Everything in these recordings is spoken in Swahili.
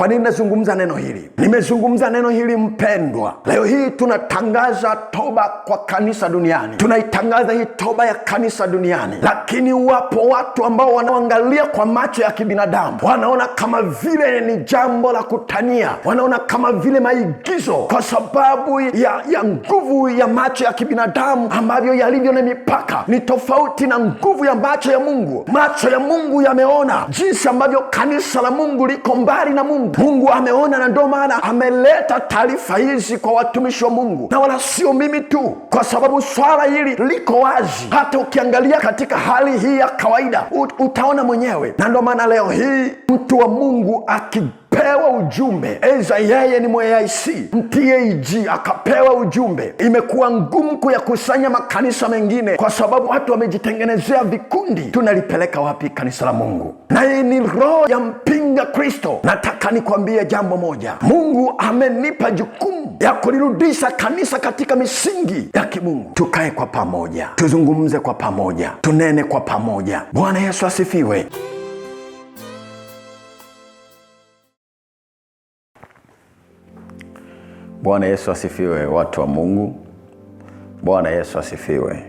Kwa nini nazungumza neno hili? Nimezungumza neno hili mpendwa, leo hii tunatangaza toba kwa kanisa duniani, tunaitangaza hii toba ya kanisa duniani, lakini wapo watu ambao wanaangalia kwa macho ya kibinadamu, wanaona kama vile ni jambo la kutania, wanaona kama vile maigizo, kwa sababu ya, ya nguvu ya macho ya kibinadamu ambavyo yalivyo na mipaka, ni tofauti na nguvu ya macho ya Mungu. Macho ya Mungu yameona jinsi ambavyo kanisa la Mungu liko mbali na Mungu. Mungu ameona, na ndio maana ameleta taarifa hizi kwa watumishi wa Mungu na wala sio mimi tu, kwa sababu swala hili liko wazi. Hata ukiangalia katika hali hii ya kawaida utaona mwenyewe, na ndio maana leo hii mtu wa Mungu aki pewa ujumbe, eza yeye ni mwaic mtag akapewa ujumbe. Imekuwa ngumu kuyakusanya makanisa mengine kwa sababu watu wamejitengenezea vikundi. Tunalipeleka wapi kanisa la Mungu? Na hii ni roho ya mpinga Kristo. Nataka nikwambie jambo moja, Mungu amenipa jukumu ya kulirudisha kanisa katika misingi ya kimungu. Tukae kwa pamoja, tuzungumze kwa pamoja, tunene kwa pamoja. Bwana Yesu asifiwe. Bwana Yesu asifiwe, watu wa Mungu. Bwana Yesu asifiwe.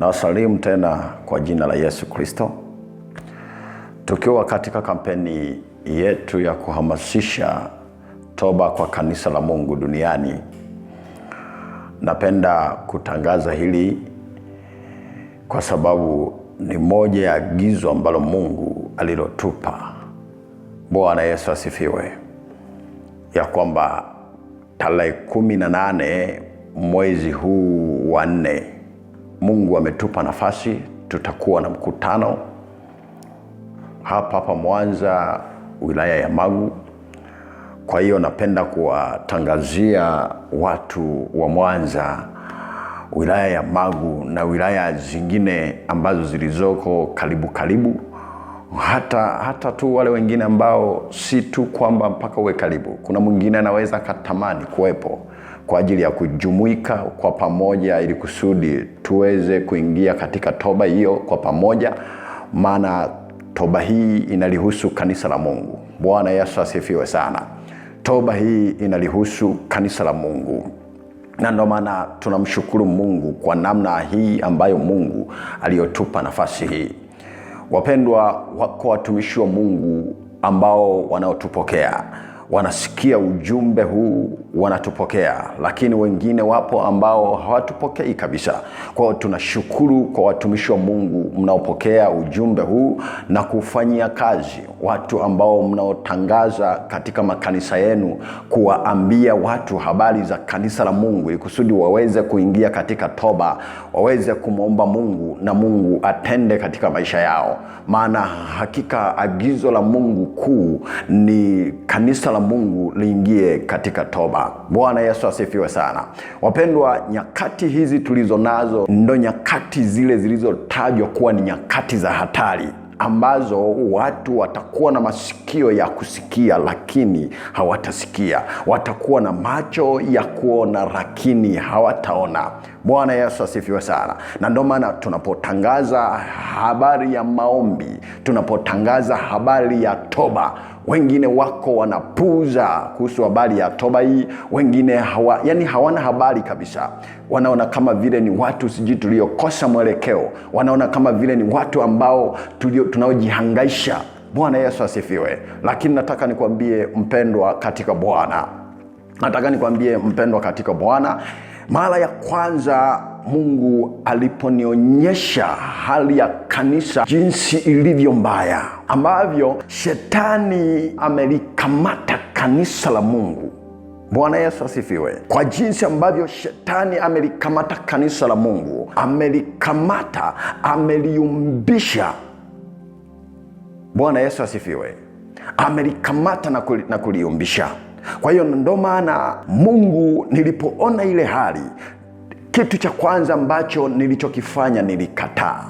Nawasalimu tena kwa jina la Yesu Kristo, tukiwa katika kampeni yetu ya kuhamasisha toba kwa kanisa la Mungu duniani. Napenda kutangaza hili kwa sababu ni moja ya agizo ambalo Mungu alilotupa. Bwana Yesu asifiwe, ya kwamba tarehe kumi na nane mwezi huu wa nne, Mungu ametupa nafasi, tutakuwa na mkutano hapa hapa Mwanza, wilaya ya Magu. Kwa hiyo napenda kuwatangazia watu wa Mwanza, wilaya ya Magu na wilaya zingine ambazo zilizoko karibu karibu hata hata tu wale wengine ambao si tu kwamba mpaka uwe karibu. Kuna mwingine anaweza akatamani kuwepo kwa ajili ya kujumuika kwa pamoja, ili kusudi tuweze kuingia katika toba hiyo kwa pamoja, maana toba hii inalihusu kanisa la Mungu. Bwana Yesu asifiwe sana. Toba hii inalihusu kanisa la Mungu na ndio maana tunamshukuru Mungu kwa namna hii ambayo Mungu aliyotupa nafasi hii wapendwa kwa watumishi wa Mungu ambao wanaotupokea wanasikia ujumbe huu wanatupokea, lakini wengine wapo ambao hawatupokei kabisa. Kwa hiyo tunashukuru kwa watumishi wa Mungu mnaopokea ujumbe huu na kufanyia kazi, watu ambao mnaotangaza katika makanisa yenu, kuwaambia watu habari za kanisa la Mungu ili kusudi waweze kuingia katika toba, waweze kumwomba Mungu na Mungu atende katika maisha yao, maana hakika agizo la Mungu kuu ni kanisa la la Mungu liingie katika toba. Bwana Yesu asifiwe sana. Wapendwa, nyakati hizi tulizo nazo ndo nyakati zile zilizotajwa kuwa ni nyakati za hatari ambazo watu watakuwa na masikio ya kusikia lakini hawatasikia, watakuwa na macho ya kuona lakini hawataona Bwana Yesu asifiwe sana. Na ndio maana tunapotangaza habari ya maombi, tunapotangaza habari ya toba, wengine wako wanapuuza kuhusu habari ya toba hii, wengine hawa, yani hawana habari kabisa. Wanaona kama vile ni watu sijui tuliokosa mwelekeo, wanaona kama vile ni watu ambao tunaojihangaisha. Bwana Yesu asifiwe. Lakini nataka nikwambie mpendwa katika Bwana, nataka nikwambie mpendwa katika Bwana mara ya kwanza Mungu aliponionyesha hali ya kanisa jinsi ilivyo mbaya, ambavyo shetani amelikamata kanisa la Mungu. Bwana Yesu asifiwe. Kwa jinsi ambavyo shetani amelikamata kanisa la Mungu, amelikamata, ameliumbisha. Bwana Yesu asifiwe. Amelikamata na kuliumbisha. Kwa hiyo ndo maana Mungu, nilipoona ile hali, kitu cha kwanza ambacho nilichokifanya nilikataa.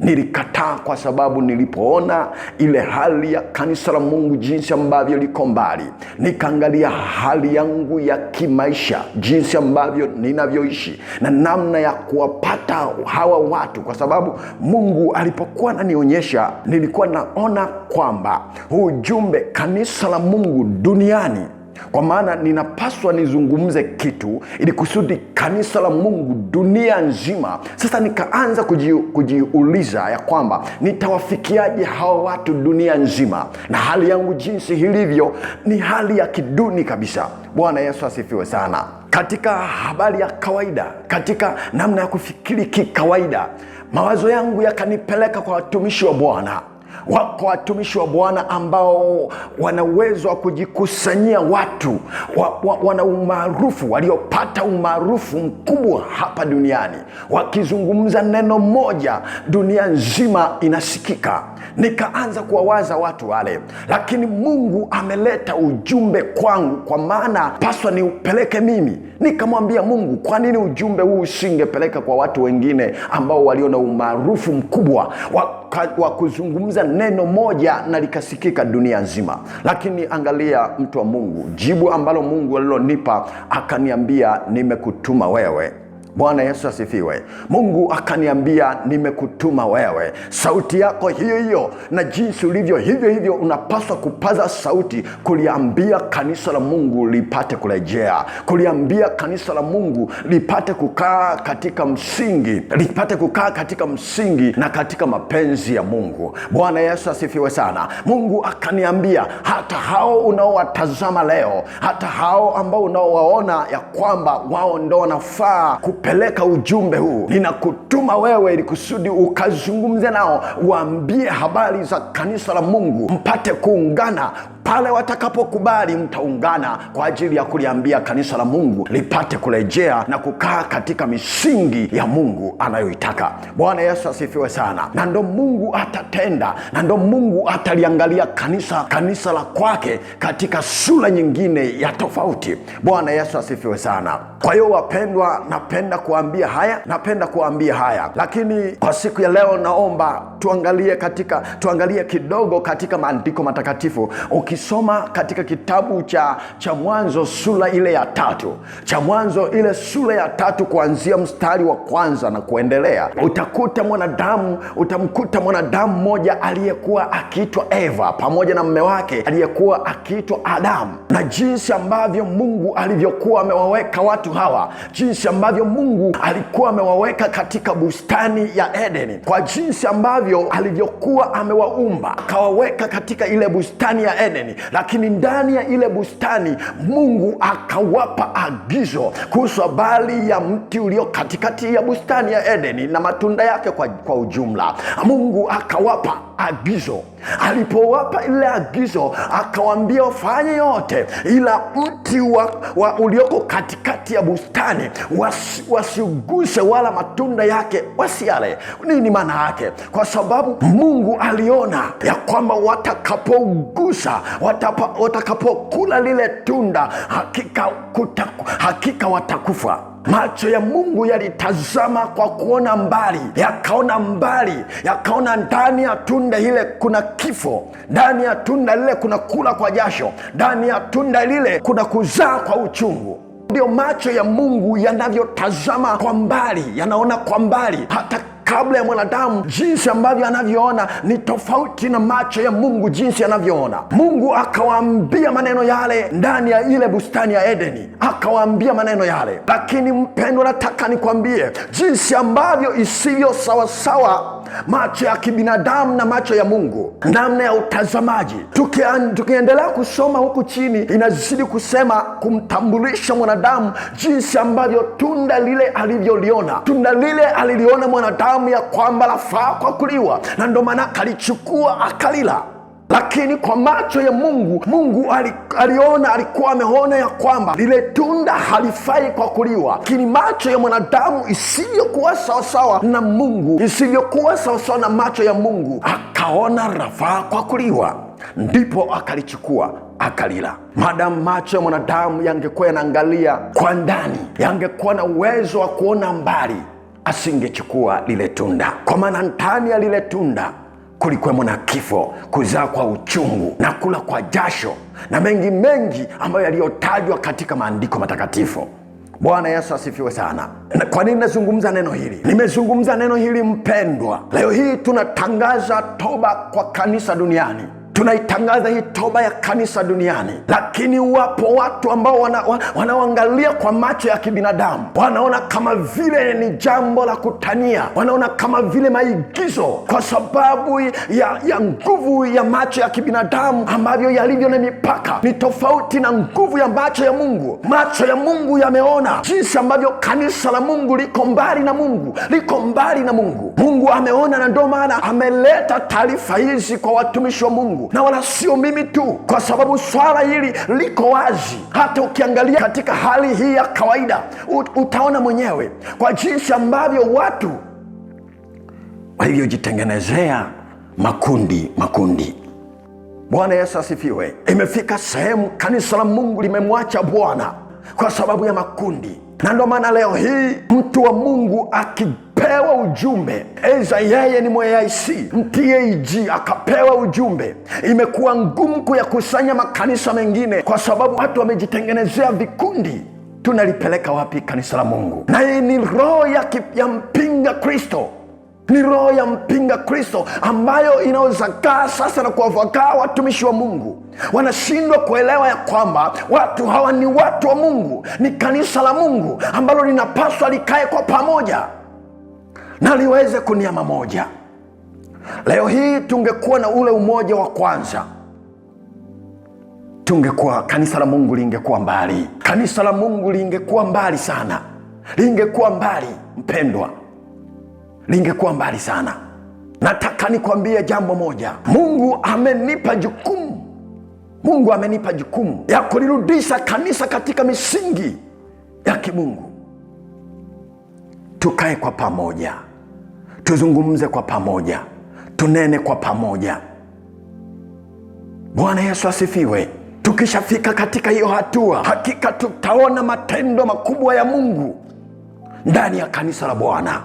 Nilikataa kwa sababu nilipoona ile hali ya kanisa la Mungu jinsi ambavyo liko mbali, nikaangalia hali yangu ya kimaisha, jinsi ambavyo ninavyoishi na namna ya kuwapata hawa watu, kwa sababu Mungu alipokuwa ananionyesha, nilikuwa naona kwamba huu ujumbe kanisa la Mungu duniani kwa maana ninapaswa nizungumze kitu ili kusudi kanisa la mungu dunia nzima sasa nikaanza kuji, kujiuliza ya kwamba nitawafikiaje hawa watu dunia nzima na hali yangu jinsi ilivyo ni hali ya kiduni kabisa bwana yesu asifiwe sana katika habari ya kawaida katika namna ya kufikiri kikawaida mawazo yangu yakanipeleka kwa watumishi wa bwana wako watumishi wa Bwana ambao wana uwezo wa kujikusanyia watu wa, wa, wana umaarufu, waliopata umaarufu mkubwa hapa duniani, wakizungumza neno moja, dunia nzima inasikika nikaanza kuwawaza watu wale, lakini Mungu ameleta ujumbe kwangu, kwa maana paswa niupeleke mimi. Nikamwambia Mungu, kwa nini ujumbe huu usingepeleka kwa watu wengine ambao walio na umaarufu mkubwa wa kuzungumza neno moja na likasikika dunia nzima. Lakini angalia, mtu wa Mungu, jibu ambalo Mungu alilonipa akaniambia, nimekutuma wewe Bwana Yesu asifiwe. Mungu akaniambia nimekutuma wewe, sauti yako hiyo hiyo na jinsi ulivyo hivyo hivyo, unapaswa kupaza sauti, kuliambia kanisa la Mungu lipate kurejea, kuliambia kanisa la Mungu lipate kukaa katika msingi, lipate kukaa katika msingi na katika mapenzi ya Mungu. Bwana Yesu asifiwe sana. Mungu akaniambia hata hao unaowatazama leo, hata hao ambao unaowaona ya kwamba wao ndo wanafaa kupeleka ujumbe huu, linakutuma wewe ili kusudi ukazungumze nao, waambie habari za kanisa la Mungu, mpate kuungana pale watakapokubali mtaungana kwa ajili ya kuliambia kanisa la Mungu lipate kurejea na kukaa katika misingi ya Mungu anayoitaka. Bwana Yesu asifiwe sana. Na ndo Mungu atatenda, na ndo Mungu ataliangalia kanisa kanisa la kwake katika sura nyingine ya tofauti. Bwana Yesu asifiwe sana. Kwa hiyo wapendwa, napenda kuambia haya, napenda kuambia haya, lakini kwa siku ya leo naomba tuangalie katika tuangalie kidogo katika maandiko matakatifu. Ukisoma katika kitabu cha cha Mwanzo sura ile ya tatu, cha Mwanzo ile sura ya tatu kuanzia mstari wa kwanza na kuendelea, utakuta mwanadamu utamkuta mwanadamu mmoja aliyekuwa akiitwa Eva pamoja na mme wake aliyekuwa akiitwa Adamu na jinsi ambavyo Mungu alivyokuwa amewaweka watu hawa, jinsi ambavyo Mungu alikuwa amewaweka katika bustani ya Edeni, kwa jinsi ambavyo alivyokuwa amewaumba akawaweka katika ile bustani ya Edeni. Lakini ndani ya ile bustani Mungu akawapa agizo kuhusu habari ya mti ulio katikati ya bustani ya Edeni na matunda yake kwa, kwa ujumla Mungu akawapa agizo. Alipowapa ile agizo, akawambia fanye yote, ila mti wa, wa ulioko katikati ya bustani wasiuguse, wala matunda yake wasiale. Nini maana yake? Kwa sababu Mungu aliona ya kwamba watakapougusa, watakapokula lile tunda, hakika, hakika watakufa macho ya Mungu yalitazama kwa kuona mbali, yakaona mbali, yakaona ndani ya tunda ile kuna kifo, ndani ya tunda lile kuna kula kwa jasho, ndani ya tunda lile kuna kuzaa kwa uchungu. ndio macho ya Mungu yanavyotazama kwa mbali, yanaona kwa mbali hata kabla ya mwanadamu, jinsi ambavyo anavyoona ni tofauti na macho ya Mungu jinsi anavyoona. Mungu akawaambia maneno yale ndani ya ile bustani ya Edeni, akawaambia maneno yale. Lakini mpendwa, nataka nikwambie jinsi ambavyo isivyo sawasawa macho ya kibinadamu na macho ya Mungu, namna ya utazamaji. Tukiendelea kusoma huku chini, inazidi kusema kumtambulisha mwanadamu jinsi ambavyo tunda lile alivyoliona. Tunda lile aliliona mwanadamu ya kwamba lafaa kwa kuliwa, na ndo maana akalichukua akalila lakini kwa macho ya Mungu, Mungu ali, aliona alikuwa ameona ya kwamba lile tunda halifai kwa kuliwa, lakini macho ya mwanadamu isivyokuwa sawasawa na Mungu, isivyokuwa sawasawa na macho ya Mungu, akaona rafaa kwa kuliwa, ndipo akalichukua akalila. Madamu macho ya mwanadamu yangekuwa yanaangalia kwa ndani, yangekuwa na uwezo wa kuona mbali, asingechukua lile tunda, kwa maana ndani ya lile tunda kulikwemo na kifo, kuzaa kwa uchungu na kula kwa jasho na mengi mengi ambayo yaliyotajwa katika maandiko matakatifu. Bwana Yesu asifiwe sana. Na kwa nini nazungumza neno hili? Nimezungumza neno hili mpendwa, leo hii tunatangaza toba kwa kanisa duniani tunaitangaza hii toba ya kanisa duniani, lakini wapo watu ambao wanaoangalia wana kwa macho ya kibinadamu, wanaona kama vile ni jambo la kutania, wanaona kama vile maigizo, kwa sababu ya, ya nguvu ya macho ya kibinadamu ambavyo yalivyo na mipaka, ni tofauti na nguvu ya macho ya Mungu. Macho ya Mungu yameona jinsi ambavyo kanisa la Mungu liko mbali na Mungu, liko mbali na Mungu. Mungu ameona, na ndio maana ameleta taarifa hizi kwa watumishi wa Mungu Mungu, na wala sio mimi tu, kwa sababu swala hili liko wazi. Hata ukiangalia katika hali hii ya kawaida, utaona mwenyewe kwa jinsi ambavyo watu walivyojitengenezea makundi makundi. Bwana Yesu asifiwe. Imefika sehemu kanisa la Mungu limemwacha Bwana kwa sababu ya makundi. Na ndio maana leo hii mtu wa Mungu aki pewa ujumbe eza yeye ni mwaic mtag akapewa ujumbe, imekuwa ngumu kuyakusanya makanisa mengine kwa sababu watu wamejitengenezea vikundi. Tunalipeleka wapi kanisa la Mungu? Na hii ni roho ya, ya mpinga Kristo ni roho ya mpinga kristo ambayo inayozakaa sasa na kuwavakaa watumishi wa mungu wanashindwa kuelewa ya kwamba watu hawa ni watu wa mungu ni kanisa la mungu ambalo linapaswa likae kwa pamoja na liweze kunia mamoja. leo hii tungekuwa na ule umoja wa kwanza tungekuwa kanisa la mungu lingekuwa mbali kanisa la mungu lingekuwa mbali sana lingekuwa mbali mpendwa lingekuwa mbali sana. Nataka nikwambie jambo moja, Mungu amenipa jukumu, Mungu amenipa jukumu ya kulirudisha kanisa katika misingi ya kimungu. Tukae kwa pamoja, tuzungumze kwa pamoja, tunene kwa pamoja. Bwana Yesu asifiwe. Tukishafika katika hiyo hatua, hakika tutaona matendo makubwa ya Mungu ndani ya kanisa la Bwana.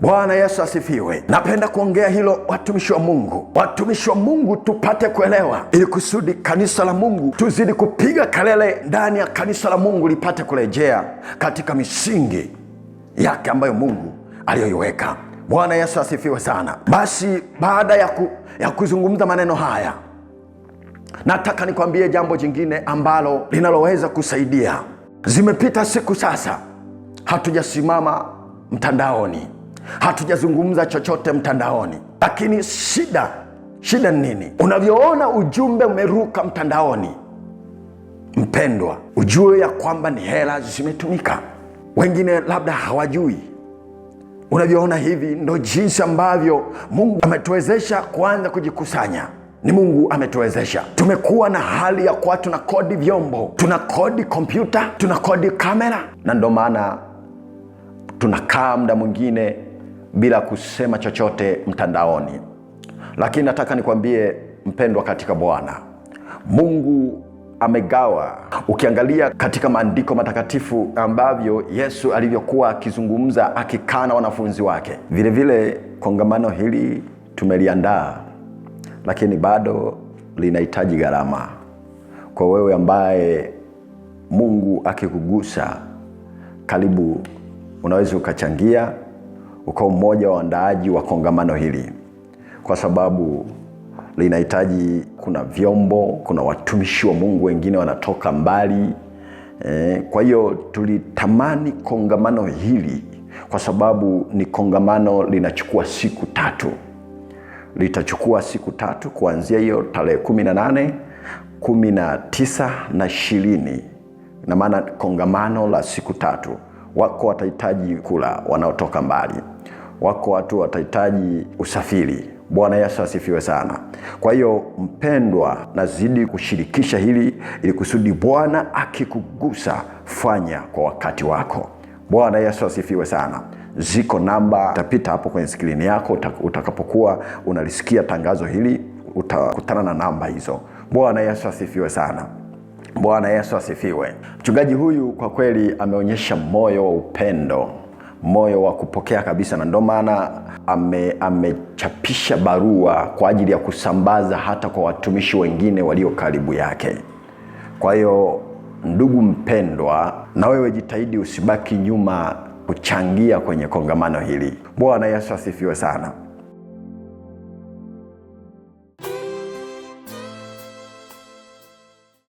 Bwana Yesu asifiwe. Napenda kuongea hilo, watumishi wa Mungu, watumishi wa Mungu tupate kuelewa, ili kusudi kanisa la Mungu tuzidi kupiga kelele ndani ya kanisa la Mungu lipate kurejea katika misingi yake ambayo Mungu aliyoiweka. Bwana Yesu asifiwe sana. Basi baada ya, ku, ya kuzungumza maneno haya, nataka nikwambie jambo jingine ambalo linaloweza kusaidia. Zimepita siku sasa, hatujasimama mtandaoni hatujazungumza chochote mtandaoni. Lakini shida shida ni nini? Unavyoona ujumbe umeruka mtandaoni, mpendwa, ujue ya kwamba ni hela zimetumika. Wengine labda hawajui. Unavyoona hivi, ndo jinsi ambavyo Mungu ametuwezesha kuanza kujikusanya ni Mungu ametuwezesha. Tumekuwa na hali ya kuwa tuna kodi vyombo, tuna kodi kompyuta, tuna kodi kamera, na ndo maana tunakaa muda mwingine bila kusema chochote mtandaoni. Lakini nataka nikwambie mpendwa katika Bwana, Mungu amegawa. Ukiangalia katika maandiko matakatifu ambavyo Yesu alivyokuwa akizungumza akikaa na wanafunzi wake, vilevile kongamano hili tumeliandaa, lakini bado linahitaji gharama. Kwa wewe ambaye Mungu akikugusa, karibu, unaweza ukachangia ukawa mmoja wa waandaaji wa kongamano hili, kwa sababu linahitaji, kuna vyombo, kuna watumishi wa Mungu wengine wanatoka mbali eh. Kwa hiyo tulitamani kongamano hili kwa sababu ni kongamano linachukua siku tatu, litachukua siku tatu kuanzia hiyo tarehe kumi na nane kumi na tisa na ishirini na maana kongamano la siku tatu. Wako watahitaji kula, wanaotoka mbali, wako watu watahitaji usafiri. Bwana Yesu asifiwe sana. Kwa hiyo mpendwa, nazidi kushirikisha hili ili kusudi Bwana akikugusa, fanya kwa wakati wako. Bwana Yesu asifiwe sana. Ziko namba utapita hapo kwenye skrini yako, utakapokuwa unalisikia tangazo hili utakutana na namba hizo. Bwana Yesu asifiwe sana. Bwana Yesu asifiwe. Mchungaji huyu kwa kweli ameonyesha moyo wa upendo, moyo wa kupokea kabisa, na ndio maana ame, amechapisha barua kwa ajili ya kusambaza hata kwa watumishi wengine walio karibu yake. Kwa hiyo ndugu mpendwa, na wewe jitahidi usibaki nyuma kuchangia kwenye kongamano hili. Bwana Yesu asifiwe sana.